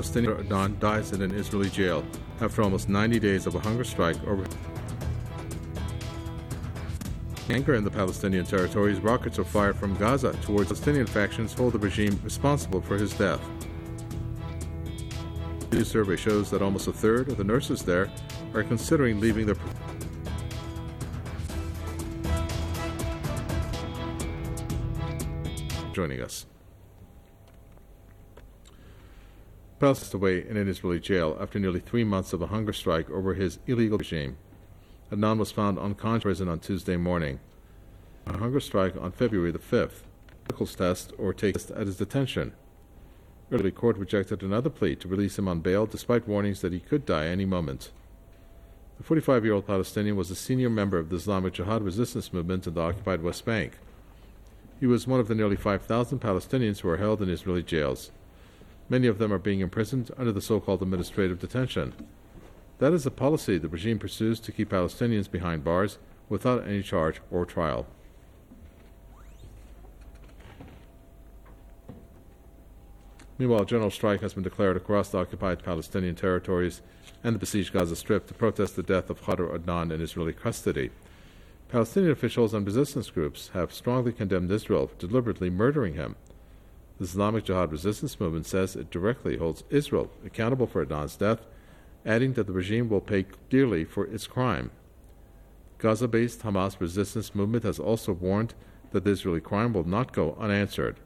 Palestinian Adan dies in an Israeli jail after almost 90 days of a hunger strike over anger in the Palestinian territories, rockets are fired from Gaza towards Palestinian factions hold the regime responsible for his death. A new survey shows that almost a third of the nurses there are considering leaving their joining us. passed away in an Israeli jail after nearly three months of a hunger strike over his illegal regime. Adnan was found unconscious on Tuesday morning. A hunger strike on February the 5th. Medical test or take test at his detention. Early court rejected another plea to release him on bail despite warnings that he could die any moment. The 45 year old Palestinian was a senior member of the Islamic Jihad resistance movement in the occupied West Bank. He was one of the nearly 5,000 Palestinians who are held in Israeli jails. Many of them are being imprisoned under the so called administrative detention. That is the policy the regime pursues to keep Palestinians behind bars without any charge or trial. Meanwhile, a general strike has been declared across the occupied Palestinian territories and the besieged Gaza Strip to protest the death of Khadr Adnan in Israeli custody. Palestinian officials and resistance groups have strongly condemned Israel for deliberately murdering him. The Islamic Jihad resistance movement says it directly holds Israel accountable for Adnan's death, adding that the regime will pay dearly for its crime. Gaza based Hamas resistance movement has also warned that the Israeli crime will not go unanswered.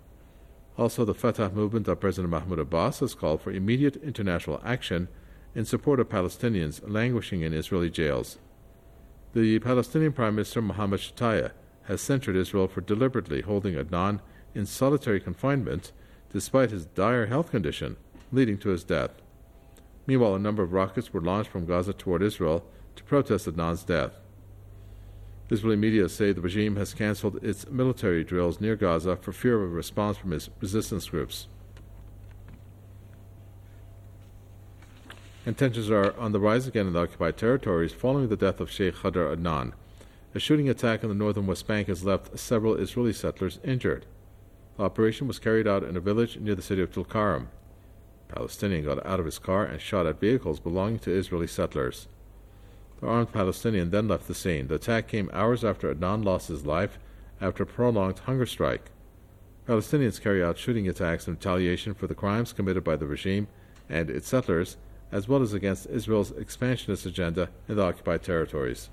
Also, the Fatah movement of President Mahmoud Abbas has called for immediate international action in support of Palestinians languishing in Israeli jails. The Palestinian Prime Minister Mohammed Shataya has censured Israel for deliberately holding Adnan in solitary confinement despite his dire health condition, leading to his death. Meanwhile, a number of rockets were launched from Gaza toward Israel to protest Adnan's death. Israeli media say the regime has canceled its military drills near Gaza for fear of a response from its resistance groups. And tensions are on the rise again in the occupied territories following the death of Sheikh Khadr Adnan. A shooting attack in the northern West Bank has left several Israeli settlers injured. The operation was carried out in a village near the city of Tulkarm. A Palestinian got out of his car and shot at vehicles belonging to Israeli settlers. The armed Palestinian then left the scene. The attack came hours after Adnan lost his life after a prolonged hunger strike. Palestinians carry out shooting attacks in retaliation for the crimes committed by the regime and its settlers, as well as against Israel's expansionist agenda in the occupied territories.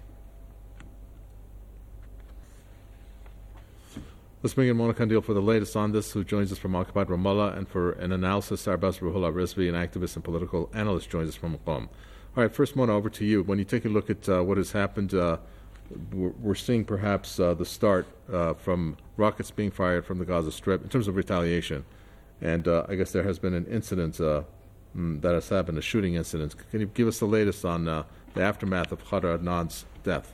Let's bring in Monica Deal for the latest on this, who joins us from occupied Ramallah, and for an analysis, Arbaz Ruhullah Rizvi, an activist and political analyst, joins us from Qom. All right, first, Mona, over to you. When you take a look at uh, what has happened, uh, we're, seeing perhaps uh, the start uh, from rockets being fired from the Gaza Strip in terms of retaliation. And uh, I guess there has been an incident uh, mm, that has happened, a shooting incident. Can you give us the latest on the aftermath of Khadr Adnan's death?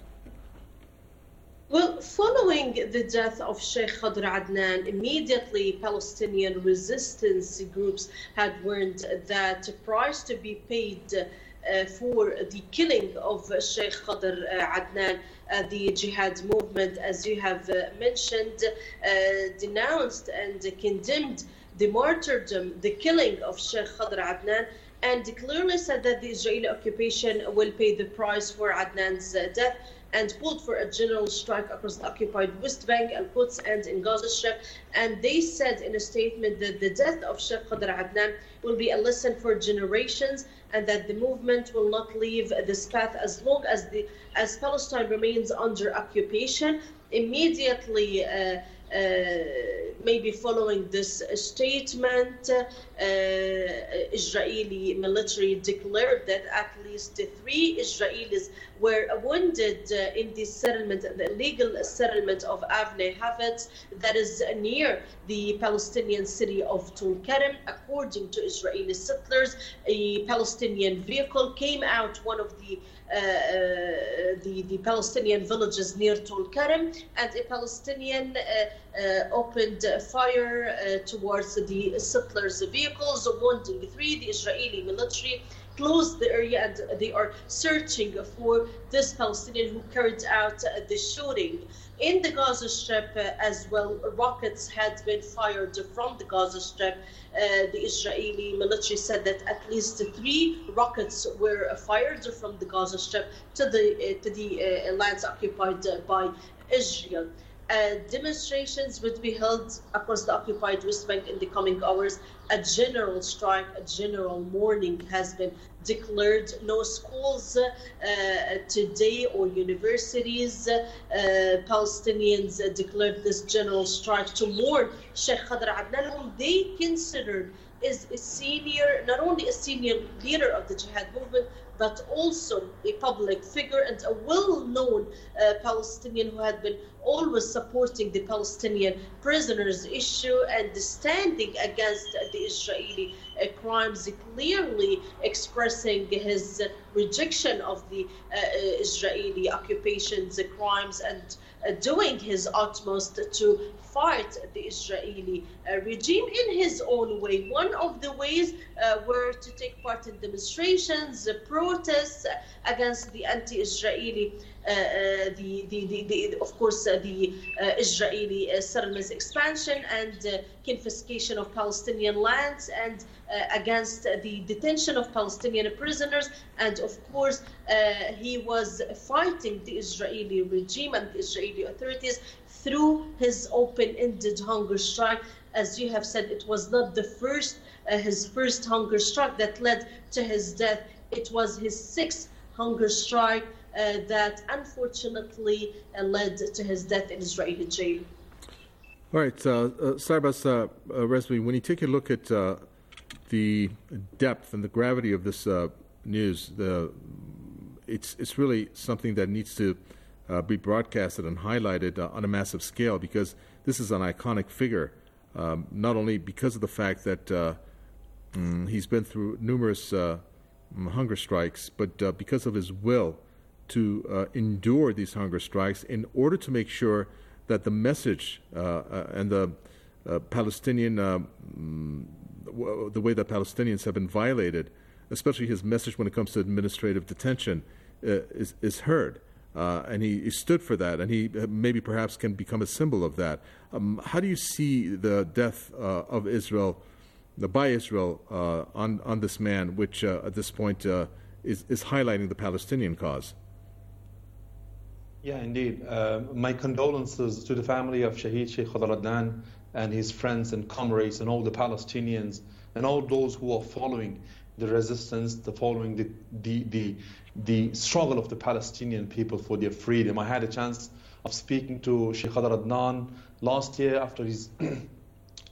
Well, following the death of Sheikh Khadr Adnan, immediately Palestinian resistance groups had warned that price to be paid uh, for the killing of Sheikh Khadr uh, Adnan, uh, the jihad movement, as you have uh, mentioned, uh, denounced and condemned the martyrdom, the killing of Sheikh Khadr Adnan, and clearly said that the Israeli occupation will pay the price for Adnan's uh, death and called for a general strike across the occupied West Bank and Quds and in Gaza Strip. And they said in a statement that the death of Sheikh Qadr Adnan will be a lesson for generations and that the movement will not leave this path as long as the as Palestine remains under occupation. Immediately, uh, uh, maybe following this statement, uh, uh, Israeli military declared that at least three Israelis were wounded uh, in the settlement, the illegal settlement of Avne Havet, that is near the Palestinian city of Tulkarem. According to Israeli settlers, a Palestinian vehicle came out one of the uh, uh the, the Palestinian villages near Tulkarem, and a Palestinian uh, uh, opened fire towards the settlers' vehicle vehicles wanting three. The Israeli military closed the area and they are searching for this Palestinian who carried out the shooting. In the Gaza Strip uh, as well, rockets had been fired from the Gaza Strip. Uh, the Israeli military said that at least three rockets were fired from the Gaza Strip to the, uh, to the uh, lands occupied by Israel. Uh, demonstrations would be held across the occupied West Bank in the coming hours. A general strike, a general mourning has been declared. No schools uh, today or universities. Uh, Palestinians declared this general strike to mourn Sheikh Khadr Adnan, whom they considered is a senior, not only a senior leader of the jihad movement, but also a public figure and a well-known uh, Palestinian who had been always supporting the Palestinian prisoners issue and standing against the Israeli uh, crimes, clearly expressing his rejection of the uh, uh Israeli occupations, crimes, and uh, doing his utmost to fight the Israeli uh, regime in his own way. One of the ways uh, were to take part in demonstrations, protests against the anti Israeli uh, uh, the, the, the, the, of course, uh, the Israeli settlements expansion and confiscation of Palestinian lands and against the detention of Palestinian prisoners. And of course, he was fighting the Israeli regime and the Israeli authorities through his open-ended hunger strike. As you have said, it was not the first, uh, his first hunger strike that led to his death. It was his sixth hunger strike uh, that unfortunately uh, led to his death in Israeli jail. All right, uh, uh Sarbas uh, Resmi, when you take a look at the depth and the gravity of this news, the, it's, it's really something that needs to uh, be broadcasted and highlighted uh, on a massive scale because this is an iconic figure, um, not only because of the fact that uh, mm, he's been through numerous hunger strikes, but because of his will to uh, endure these hunger strikes in order to make sure that the message uh, uh, and the uh, Palestinian, mm, the way that Palestinians have been violated, especially his message when it comes to administrative detention, is, is heard. Uh, and he, he, stood for that, and he maybe perhaps can become a symbol of that. Um, how do you see the death uh, of Israel, the, by Israel, uh, on on this man, which at this point is is highlighting the Palestinian cause? Yeah, indeed. Uh, my condolences to the family of Shahid Sheikh Khadr Adnan and his friends and comrades and all the Palestinians and all those who are following the resistance, the following the, the, the, the struggle of the Palestinian people for their freedom. I had a chance of speaking to Sheikh Khadr Adnan last year after his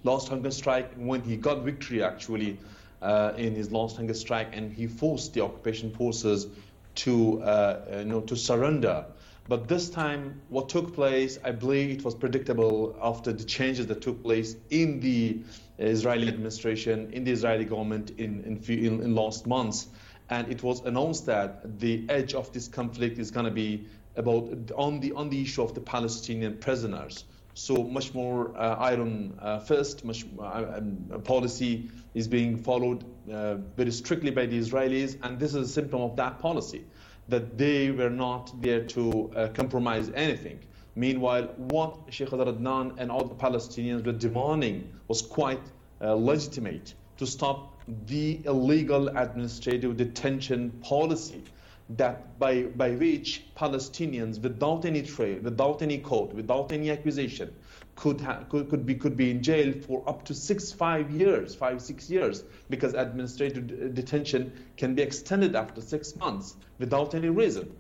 last hunger strike when he got victory actually uh, in his last hunger strike and he forced the occupation forces to, uh, uh you know, to surrender but this time, what took place, I believe it was predictable after the changes that took place in the Israeli administration, in the Israeli government in, in, few, in, in last months. And it was announced that the edge of this conflict is going to be about on the on the issue of the Palestinian prisoners. So much more uh, iron uh, fist, much uh, um, policy is being followed uh, very strictly by the Israelis, and this is a symptom of that policy that they were not there to uh, compromise anything. Meanwhile, what Sheikh Adnan and all the Palestinians were demanding was quite uh, legitimate to stop the illegal administrative detention policy that by, by which Palestinians, without any trail, without any court, without any accusation, could, ha- could, could, be, could be in jail for up to six, five years, five, six years, because administrative d- detention can be extended after six months without any reason.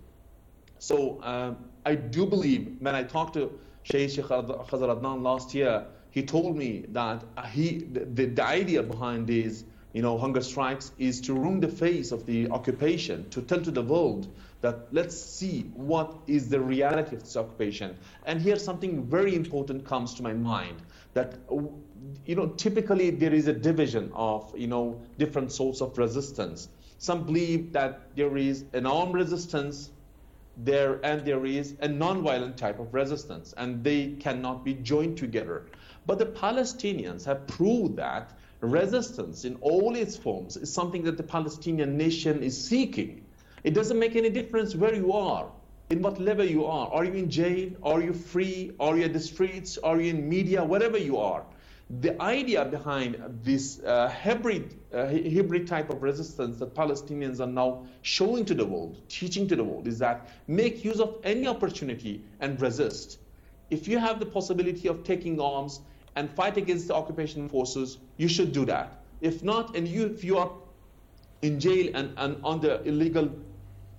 So um, I do believe, when I talked to Shaykh Sheikh Khazar Adnan last year, he told me that uh, he, the, the idea behind these you know, hunger strikes is to ruin the face of the occupation, to tell to the world that let's see what is the reality of this occupation. And here something very important comes to my mind that you know typically there is a division of you know different sorts of resistance. Some believe that there is an armed resistance there and there is a non-violent type of resistance and they cannot be joined together. But the Palestinians have proved that resistance in all its forms is something that the Palestinian nation is seeking it doesn't make any difference where you are, in what level you are. Are you in jail? Are you free? Are you in the streets? Are you in media? Whatever you are. The idea behind this uh, hybrid, uh, hybrid type of resistance that Palestinians are now showing to the world, teaching to the world, is that make use of any opportunity and resist. If you have the possibility of taking arms and fight against the occupation forces, you should do that. If not, and you, if you are in jail and, and under illegal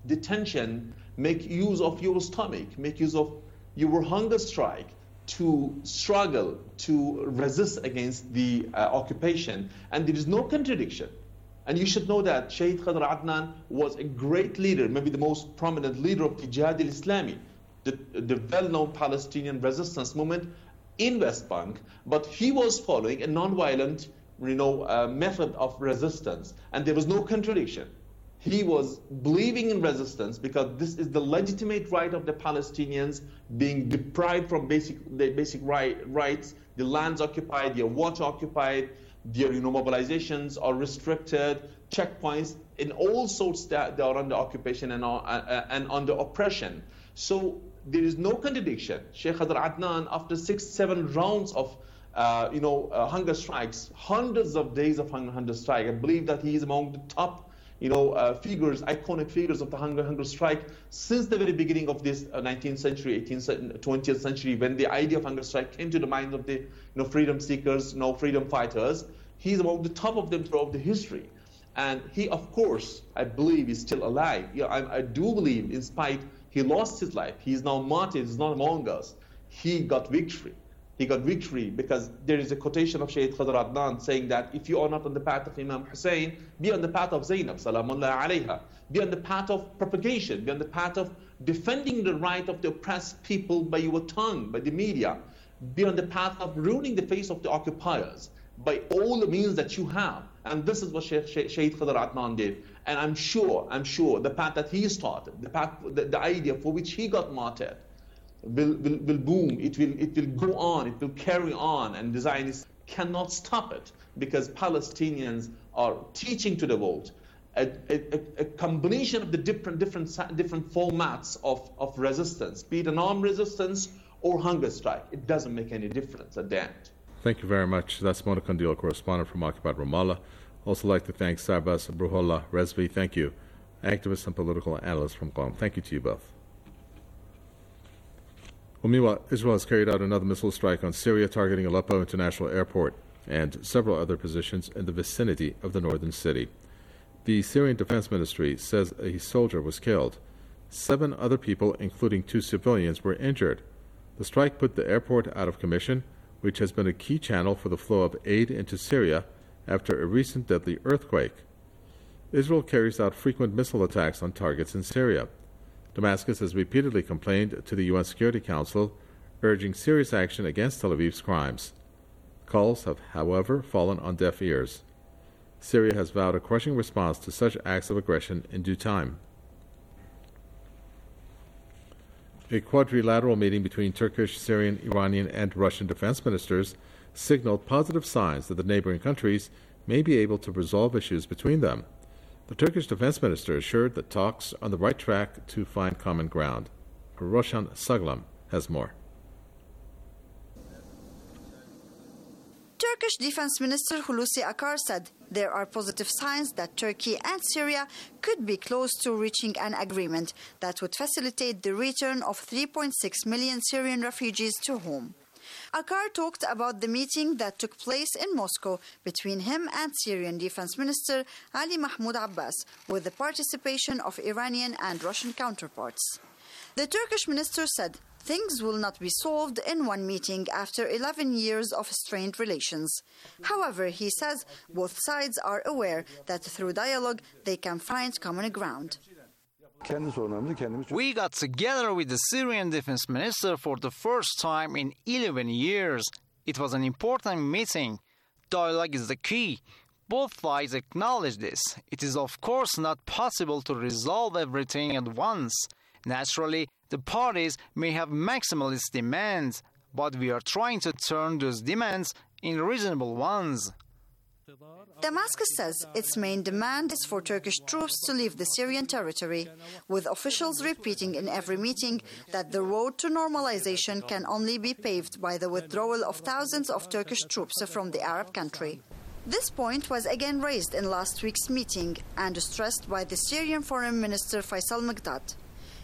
detention, make use of your stomach, make use of your hunger strike to struggle, to resist against the uh, occupation. And there is no contradiction. And you should know that Shaykh Khadr Adnan was a great leader, maybe the most prominent leader of the Jihad al-Islami, the, the well-known Palestinian resistance movement in West Bank, but he was following a non-violent you know, uh, method of resistance, and there was no contradiction he was believing in resistance because this is the legitimate right of the Palestinians being deprived from basic their basic right, rights, the lands occupied, their water occupied, their you know, mobilizations are restricted, checkpoints, in all sorts that they are under occupation and, are, uh, and under oppression. So there is no contradiction. Sheikh Hadar Adnan, after six, seven rounds of uh, you know, uh, hunger strikes, hundreds of days of hunger strike, I believe that he is among the top you know, uh, figures, iconic figures of the hunger, hunger strike since the very beginning of this 19th uh, century, 18th, 20th uh, century, when the idea of hunger strike came to the minds of the you know, freedom seekers, you know, freedom fighters. He's among the top of them throughout the history. And he, of course, I believe is still alive. I, I do believe, in spite, he lost his life. He is now martyred, he's not among us. He got victory he got victory because there is a quotation of Shaykh Khadr Adnan saying that if you are not on the path of Imam Hussein, be on the path of Zainab, salamullah alayha. Be on the path of propagation, be on the path of defending the right of the oppressed people by your tongue, by the media. Be on the path of ruining the face of the occupiers by all the means that you have. And this is what Shaykh Shaykh Khadr Adnan did. And I'm sure, I'm sure the path that he started, the path, the, the idea for which he got martyred, will, will, will boom, it will, it will go on, it will carry on, and the Zionists cannot stop it because Palestinians are teaching to the world a, a, a, combination of the different different different formats of, of resistance, be it an armed resistance or hunger strike. It doesn't make any difference at the end. Thank you very much. That's Mona Kandil, correspondent from occupied Ramallah. Also like to thank Sabas Bruhollah Resvi. Thank you. Activist and political analyst from Qom. Thank you to you both. Well, meanwhile, Israel has carried out another missile strike on Syria, targeting Aleppo International Airport and several other positions in the vicinity of the northern city. The Syrian Defense Ministry says a soldier was killed. Seven other people, including two civilians, were injured. The strike put the airport out of commission, which has been a key channel for the flow of aid into Syria after a recent deadly earthquake. Israel carries out frequent missile attacks on targets in Syria. Damascus has repeatedly complained to the UN Security Council, urging serious action against Tel Aviv's crimes. Calls have, however, fallen on deaf ears. Syria has vowed a crushing response to such acts of aggression in due time. A quadrilateral meeting between Turkish, Syrian, Iranian, and Russian defense ministers signaled positive signs that the neighboring countries may be able to resolve issues between them. The Turkish defense minister assured that talks on the right track to find common ground. Roshan Saglam has more. Turkish Defense Minister Hulusi Akar said there are positive signs that Turkey and Syria could be close to reaching an agreement that would facilitate the return of 3.6 million Syrian refugees to home. Akar talked about the meeting that took place in Moscow between him and Syrian Defense Minister Ali Mahmoud Abbas, with the participation of Iranian and Russian counterparts. The Turkish minister said things will not be solved in one meeting after 11 years of strained relations. However, he says both sides are aware that through dialogue they can find common ground kendi sorunlarımızı kendimiz We got together with the Syrian defense minister for the first time in 11 years. It was an important meeting. Dialogue is the key. Both sides acknowledge this. It is, of course, not possible to resolve everything at once. Naturally, the parties may have maximalist demands, but we are trying to turn those demands in reasonable ones. Damascus says its main demand is for Turkish troops to leave the Syrian territory, with officials repeating in every meeting that the road to normalization can only be paved by the withdrawal of thousands of Turkish troops from the Arab country. This point was again raised in last week's meeting and stressed by the Syrian Foreign Minister Faisal Magdad.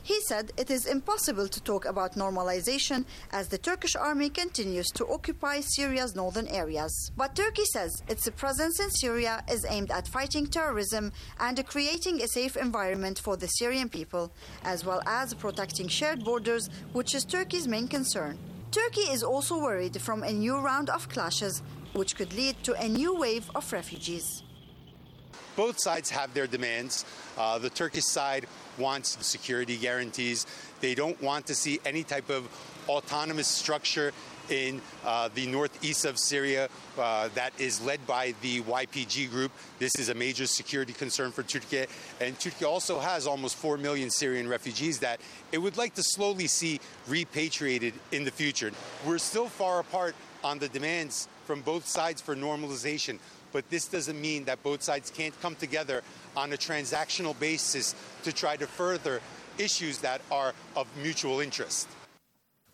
He said it is impossible to talk about normalization as the Turkish army continues to occupy Syria's northern areas. But Turkey says its presence in Syria is aimed at fighting terrorism and creating a safe environment for the Syrian people, as well as protecting shared borders, which is Turkey's main concern. Turkey is also worried from a new round of clashes, which could lead to a new wave of refugees both sides have their demands. Uh, the Turkish side wants security guarantees. They don't want to see any type of autonomous structure in uh, the northeast of Syria uh, that is led by the YPG group. This is a major security concern for Turkey. And Turkey also has almost 4 million Syrian refugees that it would like to slowly see repatriated in the future. We're still far apart on the demands from both sides for normalization. But this doesn't mean that both sides can't come together on a transactional basis to try to further issues that are of mutual interest.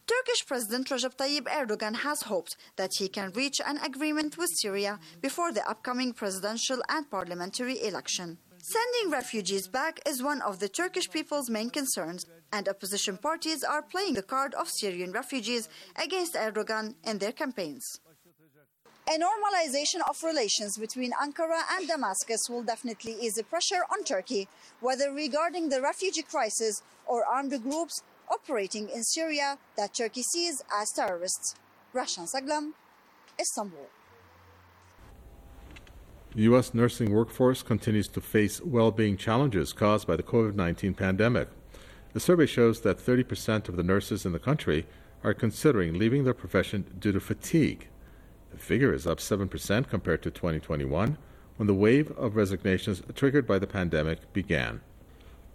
Turkish President Recep Tayyip Erdogan has hoped that he can reach an agreement with Syria before the upcoming presidential and parliamentary election. Sending refugees back is one of the Turkish people's main concerns, and opposition parties are playing the card of Syrian refugees against Erdogan in their campaigns. A normalization of relations between Ankara and Damascus will definitely ease the pressure on Turkey, whether regarding the refugee crisis or armed groups operating in Syria that Turkey sees as terrorists. Rashan Saglam, Istanbul. The U.S. nursing workforce continues to face well being challenges caused by the COVID 19 pandemic. The survey shows that 30% of the nurses in the country are considering leaving their profession due to fatigue. The figure is up 7% compared to 2021, when the wave of resignations triggered by the pandemic began.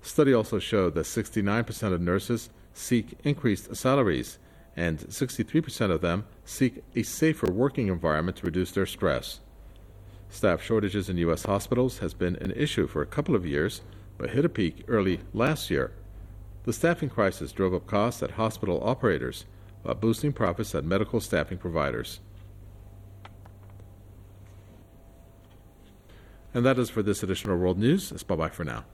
Study also showed that 69% of nurses seek increased salaries and 63% of them seek a safer working environment to reduce their stress. Staff shortages in US hospitals has been an issue for a couple of years but hit a peak early last year. The staffing crisis drove up costs at hospital operators while boosting profits at medical staffing providers. And that is for this edition of World News. It's bye bye for now.